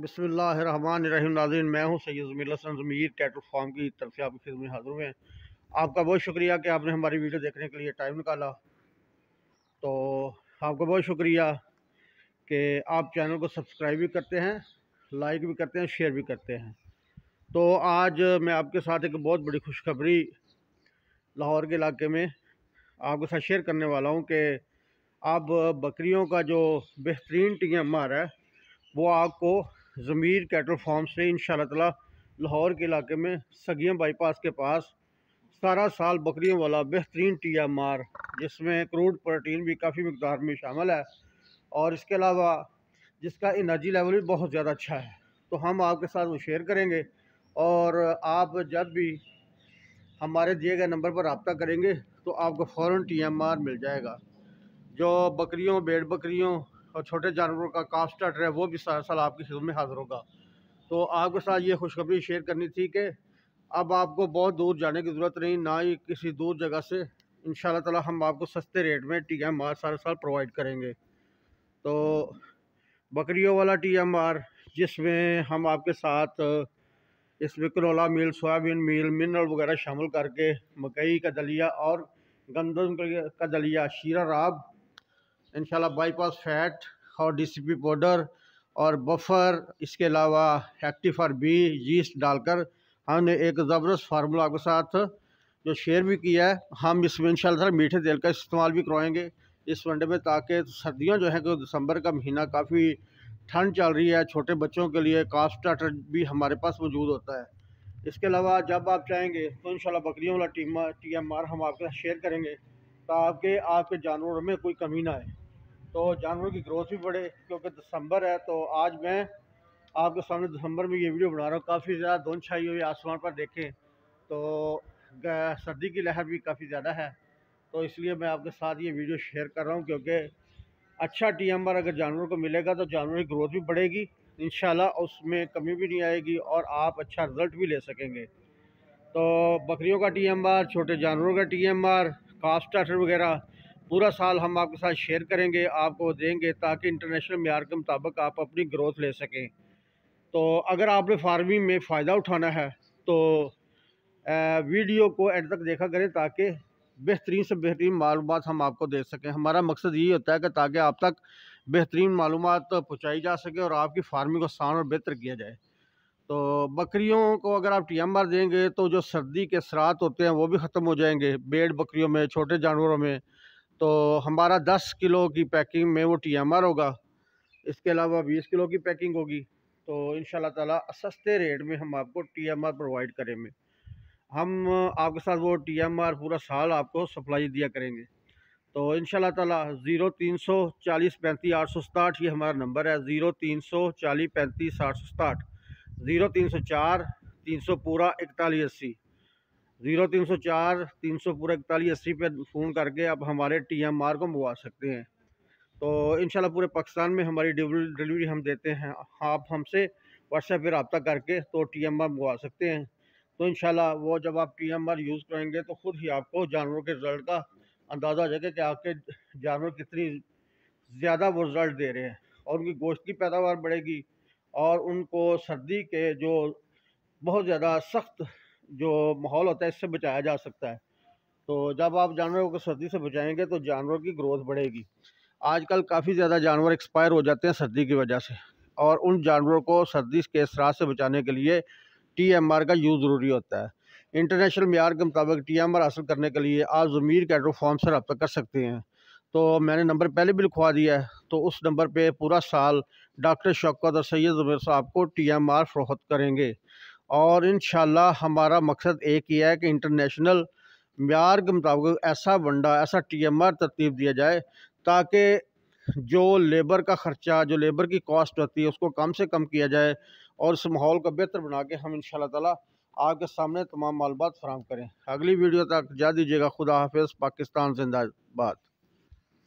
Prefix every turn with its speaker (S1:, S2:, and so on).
S1: बसमीम नाजीन मैं हूँ सैयद जमील हसन जमीर कैटल फार्म की तरफ से आपकी खिदमत हाजिर हुए हैं आपका बहुत शुक्रिया कि आपने हमारी वीडियो देखने के लिए टाइम निकाला तो आपका बहुत शुक्रिया कि आप चैनल को सब्सक्राइब भी करते हैं लाइक भी करते हैं शेयर भी करते हैं तो आज मैं आपके साथ एक बहुत बड़ी खुशखबरी लाहौर के इलाके में आपके साथ शेयर करने वाला हूँ कि अब बकरियों का जो बेहतरीन टी एम है वो आपको ज़मीर कैटल फार्म से इन तला लाहौर के इलाके में सगियम बाईपास के पास सारा साल बकरियों वाला बेहतरीन टिया मार जिसमें क्रूड प्रोटीन भी काफ़ी मकदार में शामिल है और इसके अलावा जिसका एनर्जी लेवल भी बहुत ज़्यादा अच्छा है तो हम आपके साथ वो शेयर करेंगे और आप जब भी हमारे दिए गए नंबर पर रबता करेंगे तो आपको फ़ौर टी एम आर मिल जाएगा जो बकरियों बेड बकरियों और छोटे जानवरों का काफ स्टार्टर है वो भी साल आपकी खिदमत में हाज़िर होगा तो आपके साथ ये खुशखबरी शेयर करनी थी कि अब आपको बहुत दूर जाने की ज़रूरत नहीं ना ही किसी दूर जगह से इन ताला हम आपको सस्ते रेट में टी एम आर सारा साल प्रोवाइड करेंगे तो बकरियों वाला टी एम आर जिसमें हम आपके साथ इसमें canola meal soybean meal mineral वगैरह शामिल करके मकई का दलिया और गंदम का दलिया शीरा राब इनशाला बाईपास फैट और पी पाउडर और बफर इसके अलावा एक्टिफर बी जीस डालकर हमने एक ज़बरदस्त फार्मूला के साथ जो शेयर भी किया है हम इसमें इन शाला मीठे तेल का इस्तेमाल भी करवाएंगे इस वनडे में ताकि सर्दियाँ जो हैं कि दिसंबर का महीना काफ़ी ठंड चल रही है छोटे बच्चों के लिए काफ स्टार्टर भी हमारे पास मौजूद होता है इसके अलावा जब आप चाहेंगे तो इन बकरियों वाला टीम टी एम आर हम आपके साथ शेयर करेंगे ताकि आपके जानवरों में कोई कमी ना आए तो जानवरों की ग्रोथ भी बढ़े क्योंकि दिसंबर है तो आज मैं आपके सामने दिसंबर में ये वीडियो बना रहा हूँ काफ़ी ज़्यादा धुंध छाई हुई आसमान पर देखें तो सर्दी की लहर भी काफ़ी ज़्यादा है तो इसलिए मैं आपके साथ ये वीडियो शेयर कर रहा हूँ क्योंकि अच्छा टी एम आर अगर जानवरों को मिलेगा तो जानवरों की ग्रोथ भी बढ़ेगी इन उसमें कमी भी नहीं आएगी और आप अच्छा रिज़ल्ट भी ले सकेंगे तो बकरियों का टी एम आर छोटे जानवरों का टी एम आर वगैरह पूरा साल हम आपके साथ शेयर करेंगे आपको देंगे ताकि इंटरनेशनल मैार के मुताबिक आप अपनी ग्रोथ ले सकें तो अगर आपने फार्मिंग में फ़ायदा उठाना है तो वीडियो को एंड तक देखा करें ताकि बेहतरीन से बेहतरीन मालूम हम आपको दे सकें हमारा मकसद यही होता है कि ताकि आप तक बेहतरीन मालूम पहुँचाई जा सके और आपकी फार्मिंग को आसान और बेहतर किया जाए तो बकरियों को अगर आप टी एम आर देंगे तो जो सर्दी के सरात होते हैं वो भी ख़त्म हो जाएंगे बेड बकरियों में छोटे जानवरों में तो हमारा दस किलो की पैकिंग में वो टी एम आर होगा इसके अलावा बीस किलो की पैकिंग होगी तो इन ताला सस्ते रेट में हम आपको टी एम आर प्रोवाइड करेंगे हम आपके साथ वो टी एम आर पूरा साल आपको सप्लाई दिया करेंगे तो इन ताला तीन सौ चालीस पैंतीस आठ सौ सताहठ ये हमारा नंबर है ज़ीरो तीन सौ चालीस पैंतीस आठ सौ सताहठ ज़ीरो तीन सौ चार तीन सौ पूरा इकतालीस अस्सी ज़ीरो तीन सौ चार तीन सौ पूरा इकतालीस अस्सी पर फ़ोन करके आप हमारे टी एम आर को मंगवा सकते हैं तो इन पूरे पाकिस्तान में हमारी डिलीवरी हम देते हैं आप हमसे व्हाट्सएप पर रबता करके तो टी एम आर मंगवा सकते हैं तो इन वो जब आप टी एम आर यूज़ करेंगे तो ख़ुद ही आपको जानवरों के रिज़ल्ट का अंदाज़ा हो जाएगा कि आपके जानवर कितनी ज़्यादा वो रिज़ल्ट दे रहे हैं और उनकी गोश्त की पैदावार बढ़ेगी और उनको सर्दी के जो बहुत ज़्यादा सख्त जो माहौल होता है इससे बचाया जा सकता है तो जब आप जानवरों को सर्दी से बचाएंगे तो जानवरों की ग्रोथ बढ़ेगी आजकल काफ़ी ज़्यादा जानवर एक्सपायर हो जाते हैं सर्दी की वजह से और उन जानवरों को सर्दी के असरा से बचाने के लिए टी एम आर का यूज़ ज़रूरी होता है इंटरनेशनल मैार के मुताबिक टी एम आर हासिल करने के लिए आप ज़मीर कैटो फॉर्म से रबा कर सकते हैं तो मैंने नंबर पहले भी लिखवा दिया है तो उस नंबर पर पूरा साल डॉक्टर शौकत और सैद ज़मीर साहब को टी एम आर फ़रोहत करेंगे और इन हमारा मकसद एक ही है कि इंटरनेशनल म्यार के मुताबिक ऐसा वंडा ऐसा टी एम आर तरतीब दिया जाए ताकि जो लेबर का ख़र्चा जो लेबर की कॉस्ट होती है उसको कम से कम किया जाए और इस माहौल को बेहतर बना के हम इन ताला आपके सामने तमाम मालबात फराम करें अगली वीडियो तक जा दीजिएगा खुदा हाफ पाकिस्तान जिंदाबाद